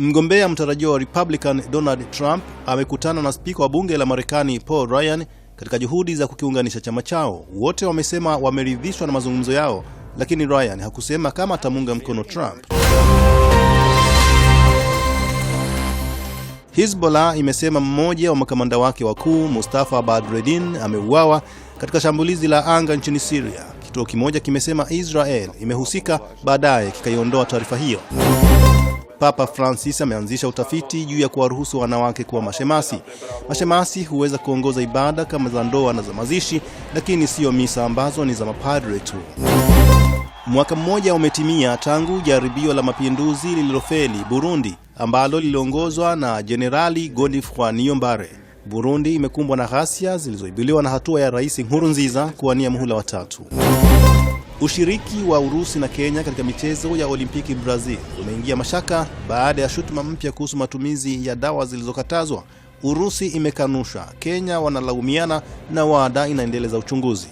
Mgombea mtarajiwa wa Republican Donald Trump amekutana na spika wa bunge la Marekani Paul Ryan katika juhudi za kukiunganisha chama chao. Wote wamesema wameridhishwa na mazungumzo yao, lakini Ryan hakusema kama atamuunga mkono Trump. Hezbollah imesema mmoja wa makamanda wake wakuu Mustafa Badreddin ameuawa katika shambulizi la anga nchini Syria. Kituo kimoja kimesema Israel imehusika, baadaye kikaiondoa taarifa hiyo. Papa Francis ameanzisha utafiti juu ya kuwaruhusu wanawake kuwa mashemasi. Mashemasi huweza kuongoza ibada kama za ndoa na za mazishi, lakini siyo misa ambazo ni za mapadre tu. Mwaka mmoja umetimia tangu jaribio la mapinduzi lililofeli Burundi ambalo liliongozwa na Jenerali Godefroid Niyombare. Burundi imekumbwa na ghasia zilizoibuliwa na hatua ya Rais Nkurunziza kuwania muhula wa tatu. Ushiriki wa Urusi na Kenya katika michezo ya Olimpiki Brazil umeingia mashaka baada ya shutuma mpya kuhusu matumizi ya dawa zilizokatazwa. Urusi imekanusha, Kenya wanalaumiana na WADA inaendeleza uchunguzi.